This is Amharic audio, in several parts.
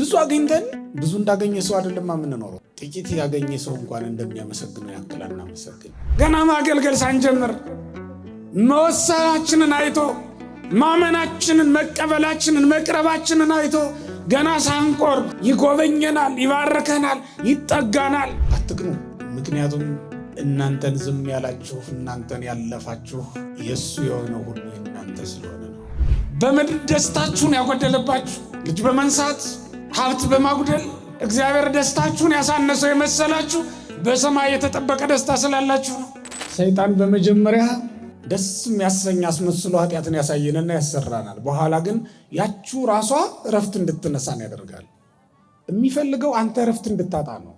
ብዙ አገኝተን ብዙ እንዳገኘ ሰው አይደለም የምንኖረው። ጥቂት ያገኘ ሰው እንኳን እንደሚያመሰግነው ያክል አናመሰግን። ገና ማገልገል ሳንጀምር መወሰናችንን አይቶ ማመናችንን፣ መቀበላችንን፣ መቅረባችንን አይቶ ገና ሳንቆር ይጎበኘናል፣ ይባርከናል፣ ይጠጋናል። አትግኑ። ምክንያቱም እናንተን ዝም ያላችሁ እናንተን ያለፋችሁ የእሱ የሆነ ሁሉ እናንተ ስለሆነ ነው። በምድር ደስታችሁን ያጎደለባችሁ ልጅ በመንሳት ሀብት በማጉደል እግዚአብሔር ደስታችሁን ያሳነሰው የመሰላችሁ በሰማይ የተጠበቀ ደስታ ስላላችሁ ነው። ሰይጣን በመጀመሪያ ደስ የሚያሰኝ አስመስሎ ኃጢአትን ያሳየንና ያሰራናል። በኋላ ግን ያችሁ ራሷ እረፍት እንድትነሳን ያደርጋል። የሚፈልገው አንተ እረፍት እንድታጣ ነው።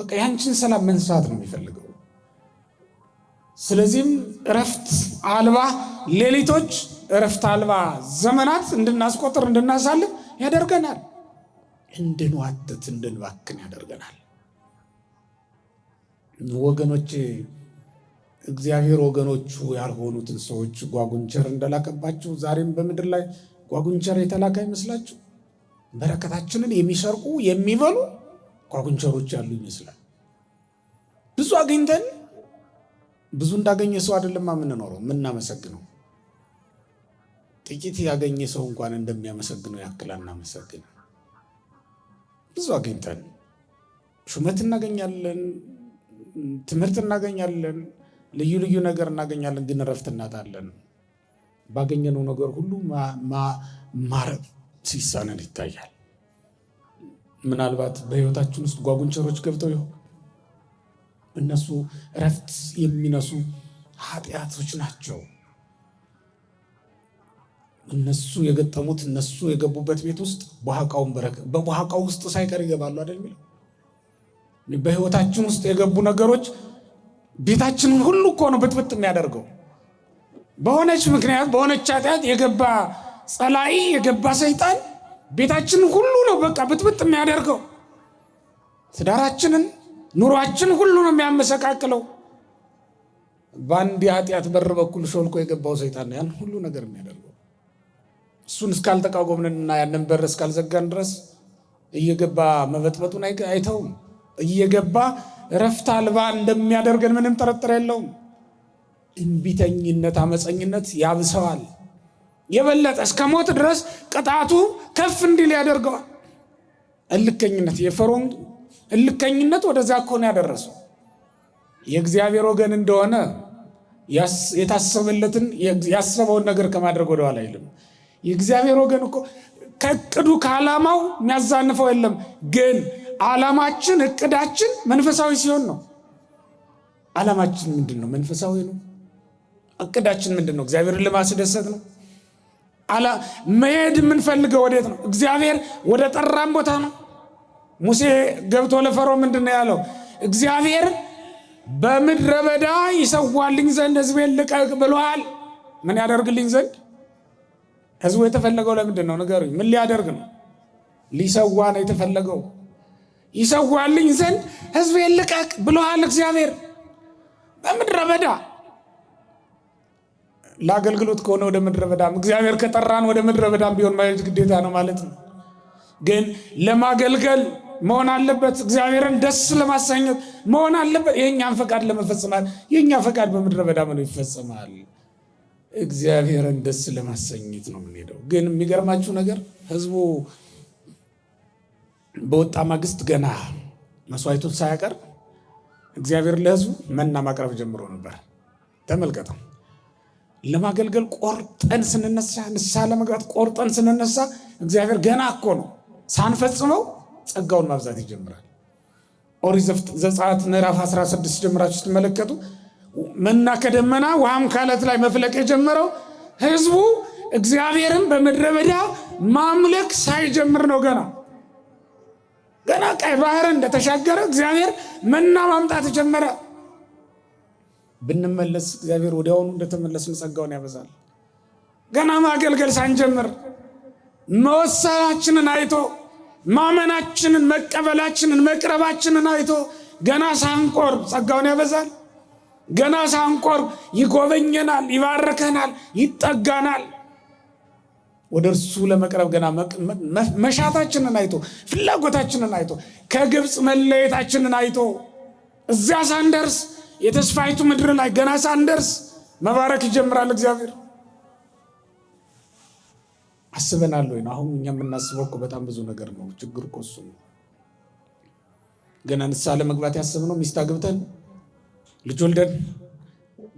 በቃ ያንችን ሰላም መንሳት ነው የሚፈልገው። ስለዚህም እረፍት አልባ ሌሊቶች፣ እረፍት አልባ ዘመናት እንድናስቆጥር እንድናሳልፍ ያደርገናል። እንድንዋትት እንድንባክን ያደርገናል። ወገኖች እግዚአብሔር ወገኖቹ ያልሆኑትን ሰዎች ጓጉንቸር እንደላከባቸው ዛሬም በምድር ላይ ጓጉንቸር የተላከ ይመስላችሁ? በረከታችንን የሚሰርቁ የሚበሉ ጓጉንቸሮች ያሉ ይመስላል። ብዙ አግኝተን ብዙ እንዳገኘ ሰው አይደለም የምንኖረው የምናመሰግነው። ጥቂት ያገኘ ሰው እንኳን እንደሚያመሰግነው ያክል አናመሰግነው። ብዙ አግኝተን ሹመት እናገኛለን፣ ትምህርት እናገኛለን፣ ልዩ ልዩ ነገር እናገኛለን። ግን እረፍት እናጣለን። ባገኘነው ነገር ሁሉ ማረብ ሲሳነን ይታያል። ምናልባት በህይወታችን ውስጥ ጓጉንቸሮች ገብተው ይሆን? እነሱ እረፍት የሚነሱ ኃጢአቶች ናቸው። እነሱ የገጠሙት እነሱ የገቡበት ቤት ውስጥ ቧሃቃውን በረከ በቧሃቃው ውስጥ ሳይቀር ይገባሉ አይደል የሚለው በህይወታችን ውስጥ የገቡ ነገሮች ቤታችንን ሁሉ እኮ ነው ብጥብጥ የሚያደርገው። በሆነች ምክንያት በሆነች ኃጢአት የገባ ጸላኢ የገባ ሰይጣን ቤታችንን ሁሉ ነው በቃ ብጥብጥ የሚያደርገው። ትዳራችንን፣ ኑሯችን ሁሉ ነው የሚያመሰቃቅለው። በአንድ የኃጢአት በር በኩል ሾልኮ የገባው ሰይጣን ያን ሁሉ ነገር የሚያደርገው እሱን እስካልተቃወምንና ያንን በር እስካልዘጋን ድረስ እየገባ መበጥበጡን አይተውም። እየገባ እረፍት አልባ እንደሚያደርገን ምንም ጥርጥር የለውም። እንቢተኝነት፣ አመፀኝነት ያብሰዋል። የበለጠ እስከ ሞት ድረስ ቅጣቱ ከፍ እንዲል ያደርገዋል። እልከኝነት፣ የፈሮን እልከኝነት ወደዛ እኮ ነው ያደረሰው። የእግዚአብሔር ወገን እንደሆነ የታሰበለትን ያሰበውን ነገር ከማድረግ ወደኋላ አይልም። የእግዚአብሔር ወገን እኮ ከእቅዱ ከዓላማው የሚያዛንፈው የለም። ግን ዓላማችን እቅዳችን መንፈሳዊ ሲሆን ነው። ዓላማችን ምንድን ነው? መንፈሳዊ ነው። እቅዳችን ምንድን ነው? እግዚአብሔርን ለማስደሰት ነው። መሄድ የምንፈልገው ወዴት ነው? እግዚአብሔር ወደ ጠራም ቦታ ነው። ሙሴ ገብቶ ለፈሮ ምንድን ነው ያለው? እግዚአብሔር በምድረ በዳ ይሰዋልኝ ዘንድ ህዝቤን ልቀቅ ብሏል። ምን ያደርግልኝ ዘንድ ህዝቡ የተፈለገው ለምንድን ነው ንገሩኝ? ምን ሊያደርግ ነው? ሊሰዋ ነው የተፈለገው። ይሰዋልኝ ዘንድ ህዝቤን ልቀቅ ብሎሃል እግዚአብሔር። በምድረ በዳ ለአገልግሎት ከሆነ ወደ ምድረ በዳም እግዚአብሔር ከጠራን ወደ ምድረ በዳም ቢሆን ማየት ግዴታ ነው ማለት ነው። ግን ለማገልገል መሆን አለበት። እግዚአብሔርን ደስ ለማሳኘት መሆን አለበት። የእኛን ፈቃድ ለመፈጸማል የእኛ ፈቃድ በምድረ በዳ ነው ይፈጸማል። እግዚአብሔርን ደስ ለማሰኘት ነው የምንሄደው። ግን የሚገርማችሁ ነገር ህዝቡ በወጣ ማግስት ገና መስዋዕቱን ሳያቀርብ እግዚአብሔር ለህዝቡ መና ማቅረብ ጀምሮ ነበር። ተመልከተው። ለማገልገል ቆርጠን ስንነሳ፣ ንስሐ ለመግባት ቆርጠን ስንነሳ እግዚአብሔር ገና እኮ ነው ሳንፈጽመው ጸጋውን ማብዛት ይጀምራል። ኦሪት ዘፀአት ምዕራፍ 16 ጀምራችሁ ስትመለከቱ መና ከደመና ውሃም ካለት ላይ መፍለቅ የጀመረው ህዝቡ እግዚአብሔርን በምድረ በዳ ማምለክ ሳይጀምር ነው። ገና ገና ቀይ ባህር እንደተሻገረ እግዚአብሔር መና ማምጣት ጀመረ። ብንመለስ እግዚአብሔር ወዲያውኑ እንደተመለስን ጸጋውን ያበዛል። ገና ማገልገል ሳንጀምር መወሰናችንን አይቶ ማመናችንን መቀበላችንን መቅረባችንን አይቶ ገና ሳንቆርብ ጸጋውን ያበዛል። ገና ሳንቆር ይጎበኘናል፣ ይባርከናል፣ ይጠጋናል። ወደ እርሱ ለመቅረብ ገና መሻታችንን አይቶ ፍላጎታችንን አይቶ ከግብፅ መለየታችንን አይቶ እዚያ ሳንደርስ የተስፋይቱ ምድር ላይ ገና ሳንደርስ መባረክ ይጀምራል እግዚአብሔር። አስበናል ወይ ነው? አሁን እኛ የምናስበው እኮ በጣም ብዙ ነገር ነው። ችግር እኮ እሱ ነው። ገና ንስሐ ለመግባት ነው ሚስት አግብተን ልጅ ወልደን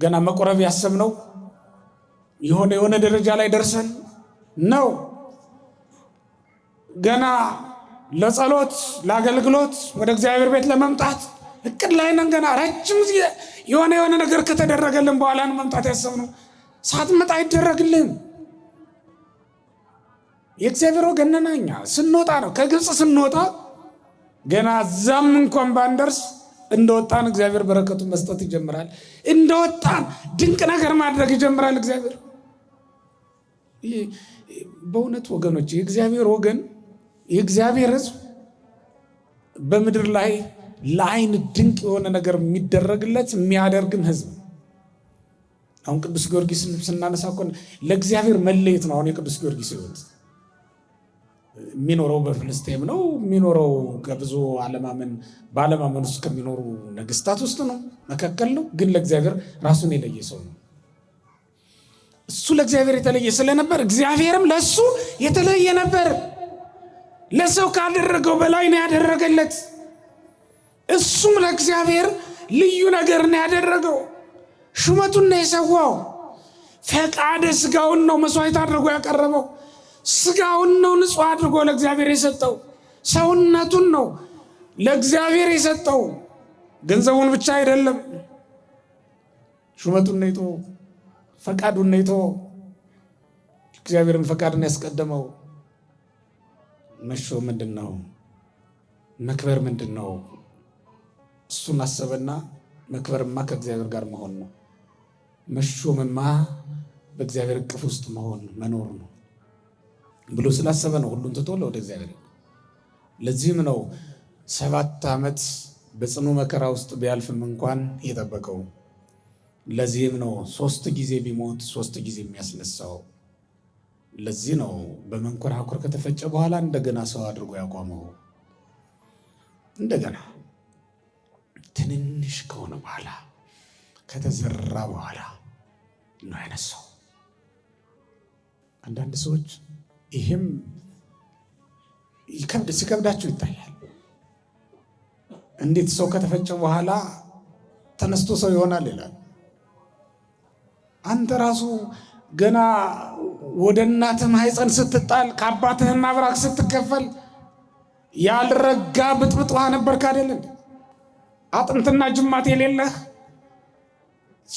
ገና መቆረብ ያሰብነው የሆነ የሆነ ደረጃ ላይ ደርሰን ነው። ገና ለጸሎት ለአገልግሎት ወደ እግዚአብሔር ቤት ለመምጣት እቅድ ላይ ነን። ገና ረጅም ጊዜ የሆነ የሆነ ነገር ከተደረገልን በኋላ ነው መምጣት ያሰብነው። ሳትመጣ አይደረግልን። የእግዚአብሔር ወገን ነን እኛ። ስንወጣ ነው ከግብፅ ስንወጣ ገና እዛም እንኳን ባንደርስ እንደወጣን እግዚአብሔር በረከቱን መስጠት ይጀምራል። እንደወጣን ድንቅ ነገር ማድረግ ይጀምራል እግዚአብሔር። በእውነት ወገኖች፣ የእግዚአብሔር ወገን የእግዚአብሔር ሕዝብ በምድር ላይ ለአይን ድንቅ የሆነ ነገር የሚደረግለት የሚያደርግም ሕዝብ አሁን ቅዱስ ጊዮርጊስ ስናነሳ እኮ ለእግዚአብሔር መለየት ነው። አሁን የቅዱስ ጊዮርጊስ ሕይወት የሚኖረው በፍልስጤም ነው የሚኖረው ከብዙ አለማመን በአለማመን ውስጥ ከሚኖሩ ነገስታት ውስጥ ነው መካከል ነው። ግን ለእግዚአብሔር ራሱን የለየ ሰው ነው። እሱ ለእግዚአብሔር የተለየ ስለነበር እግዚአብሔርም ለእሱ የተለየ ነበር። ለሰው ካደረገው በላይ ነው ያደረገለት። እሱም ለእግዚአብሔር ልዩ ነገር ነው ያደረገው። ሹመቱን ነው የሰዋው። ፈቃደ ስጋውን ነው መስዋዕት አድርጎ ያቀረበው። ስጋውን ነው ንጹሕ አድርጎ ለእግዚአብሔር የሰጠው። ሰውነቱን ነው ለእግዚአብሔር የሰጠው። ገንዘቡን ብቻ አይደለም፣ ሹመቱን ነይቶ ፈቃዱን ነይቶ እግዚአብሔርን ፈቃድን ያስቀደመው መሾ ምንድን ነው? መክበር ምንድን ነው? እሱን አሰበና መክበርማ ከእግዚአብሔር ጋር መሆን ነው። መሾምማ በእግዚአብሔር እቅፍ ውስጥ መሆን መኖር ነው። ብሎ ስላሰበ ነው ሁሉን ትቶ ወደ እግዚአብሔር። ለዚህም ነው ሰባት ዓመት በጽኑ መከራ ውስጥ ቢያልፍም እንኳን የጠበቀው። ለዚህም ነው ሶስት ጊዜ ቢሞት ሶስት ጊዜ የሚያስነሳው። ለዚህ ነው በመንኮራኩር ከተፈጨ በኋላ እንደገና ሰው አድርጎ ያቆመው። እንደገና ትንንሽ ከሆነ በኋላ ከተዘራ በኋላ ነው ያነሳው። አንዳንድ ሰዎች ይህም ይከብድ ሲከብዳችሁ ይታያል። እንዴት ሰው ከተፈጨ በኋላ ተነስቶ ሰው ይሆናል ይላል። አንተ ራሱ ገና ወደ እናትህ ማህፀን ስትጣል ከአባትህ ማብራክ ስትከፈል ያልረጋ ብጥብጥ ውሃ ነበርክ አይደለም? አጥንትና ጅማት የሌለህ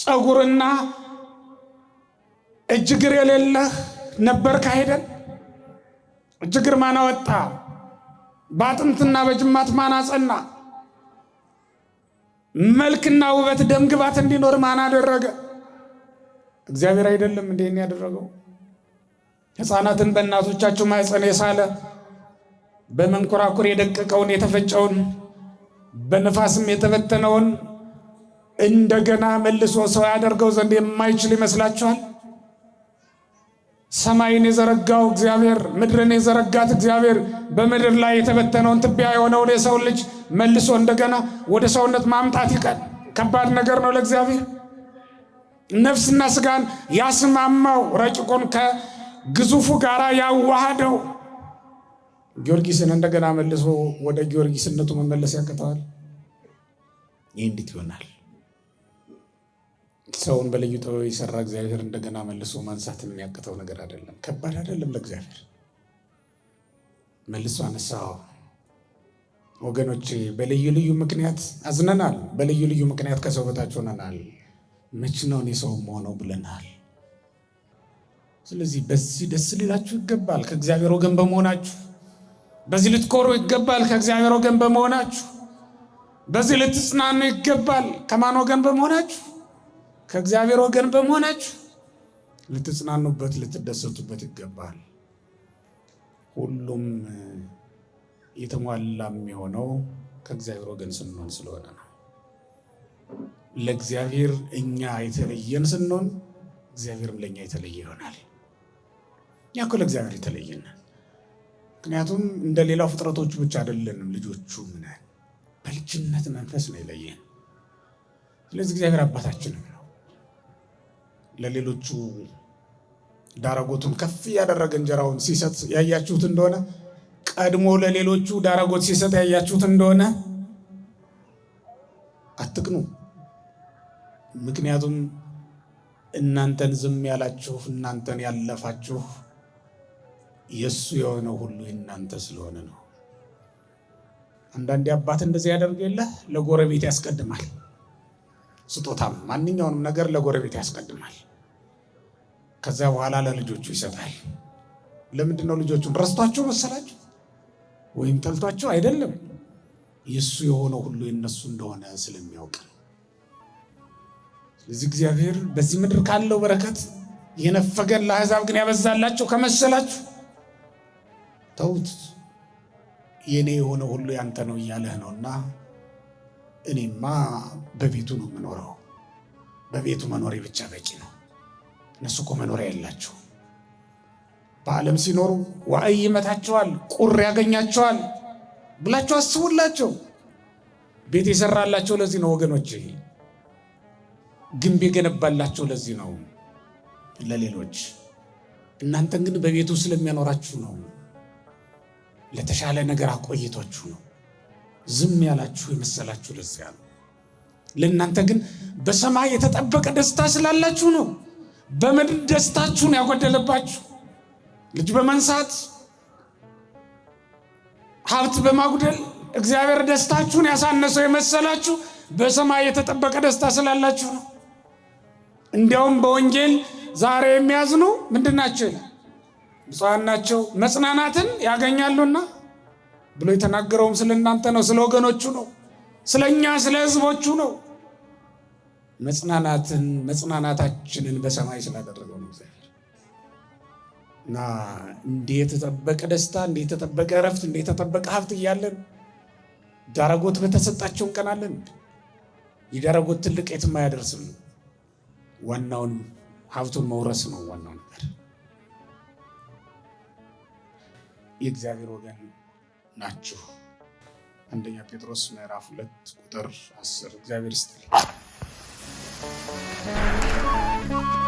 ፀጉርና እጅግር የሌለህ ነበርክ አይደል? እጅግር ማና አወጣ፣ በአጥንትና በጅማት ማን አጸና። መልክና ውበት ደም ግባት እንዲኖር ማን አደረገ? እግዚአብሔር አይደለም እንዴ ያደረገው? ሕፃናትን በእናቶቻቸው ማኅፀን የሳለ በመንኮራኩር የደቀቀውን የተፈጨውን በነፋስም የተበተነውን እንደገና መልሶ ሰው ያደርገው ዘንድ የማይችል ይመስላችኋል? ሰማይን የዘረጋው እግዚአብሔር ምድርን የዘረጋት እግዚአብሔር በምድር ላይ የተበተነውን ትቢያ የሆነውን የሰው ልጅ መልሶ እንደገና ወደ ሰውነት ማምጣት ይቀል ከባድ ነገር ነው ለእግዚአብሔር። ነፍስና ስጋን ያስማማው ረቂቁን ከግዙፉ ጋር ያዋሃደው ጊዮርጊስን እንደገና መልሶ ወደ ጊዮርጊስነቱ መመለስ ያቅተዋል። ይህ እንዴት ይሆናል? ሰውን በለይቶ የሰራ እግዚአብሔር እንደገና መልሶ ማንሳት የሚያቅተው ነገር አይደለም። ከባድ አይደለም ለእግዚአብሔር። መልሶ አነሳው። ወገኖች በልዩ ልዩ ምክንያት አዝነናል። በልዩ ልዩ ምክንያት ከሰው በታች ሆነናል። መች ነው እኔ ሰውም ሆነው ብለናል። ስለዚህ በዚህ ደስ ሊላችሁ ይገባል ከእግዚአብሔር ወገን በመሆናችሁ። በዚህ ልትኮሩ ይገባል ከእግዚአብሔር ወገን በመሆናችሁ። በዚህ ልትጽናኑ ይገባል ከማን ወገን በመሆናችሁ ከእግዚአብሔር ወገን በመሆናችሁ ልትጽናኑበት፣ ልትደሰቱበት ይገባል። ሁሉም የተሟላ የሚሆነው ከእግዚአብሔር ወገን ስንሆን ስለሆነ ነው። ለእግዚአብሔር እኛ የተለየን ስንሆን እግዚአብሔርም ለእኛ የተለየ ይሆናል። እኛ እኮ ለእግዚአብሔር የተለየን ምክንያቱም እንደ ሌላው ፍጥረቶቹ ብቻ አይደለንም፣ ልጆቹ ምን በልጅነት መንፈስ ነው የለየን። ስለዚህ እግዚአብሔር አባታችንም ነው። ለሌሎቹ ዳረጎቱን ከፍ ያደረገ እንጀራውን ሲሰጥ ያያችሁት እንደሆነ ቀድሞ ለሌሎቹ ዳረጎት ሲሰጥ ያያችሁት እንደሆነ አትቅኑ። ምክንያቱም እናንተን ዝም ያላችሁ እናንተን ያለፋችሁ የእሱ የሆነው ሁሉ እናንተ ስለሆነ ነው። አንዳንዴ አባት እንደዚህ ያደርግ የለ ለጎረቤት ያስቀድማል። ስጦታም ማንኛውንም ነገር ለጎረቤት ያስቀድማል። ከዚያ በኋላ ለልጆቹ ይሰጣል። ለምንድን ነው ልጆቹን ረስቷቸው መሰላችሁ? ወይም ጠልቷቸው አይደለም። የእሱ የሆነው ሁሉ የነሱ እንደሆነ ስለሚያውቅ ስለዚህ እግዚአብሔር በዚህ ምድር ካለው በረከት የነፈገን ለአሕዛብ ግን ያበዛላቸው ከመሰላችሁ ተውት። የእኔ የሆነ ሁሉ ያንተ ነው እያለህ ነው እና እኔማ በቤቱ ነው የምኖረው። በቤቱ መኖሬ ብቻ በቂ ነው። እነሱ እኮ መኖሪያ የላቸው። በዓለም ሲኖሩ ዋዕይ ይመታቸዋል፣ ቁር ያገኛቸዋል ብላችሁ አስቡላቸው። ቤት የሰራላቸው ለዚህ ነው ወገኖች፣ ግንብ የገነባላቸው ለዚህ ነው ለሌሎች። እናንተን ግን በቤቱ ስለሚያኖራችሁ ነው፣ ለተሻለ ነገር አቆይቷችሁ ነው። ዝም ያላችሁ የመሰላችሁ ለዚያ ነው። ለእናንተ ግን በሰማይ የተጠበቀ ደስታ ስላላችሁ ነው። በምድር ደስታችሁን ያጎደለባችሁ ልጅ በመንሳት ሀብት በማጉደል እግዚአብሔር ደስታችሁን ያሳነሰው የመሰላችሁ በሰማይ የተጠበቀ ደስታ ስላላችሁ ነው። እንዲያውም በወንጌል ዛሬ የሚያዝኑ ምንድን ናቸው ይላል፣ ብፁዓን ናቸው መጽናናትን ያገኛሉና ብሎ የተናገረውም ስለ እናንተ ነው፣ ስለ ወገኖቹ ነው፣ ስለ እኛ ስለ ህዝቦቹ ነው። መጽናናትን መጽናናታችንን በሰማይ ስላደረገው ነው እግዚአብሔር እና እንዲህ የተጠበቀ ደስታ፣ እንዲህ የተጠበቀ እረፍት፣ እንዲህ የተጠበቀ ሀብት እያለን ዳረጎት በተሰጣቸው እንቀናለን። የዳረጎት ትልቅ የትም አያደርስም። ዋናውን ሀብቱን መውረስ ነው ዋናው ነገር። የእግዚአብሔር ወገን ናችሁ። አንደኛ ጴጥሮስ ምዕራፍ ሁለት ቁጥር አስር እግዚአብሔር ይስጥልኝ። Thank you.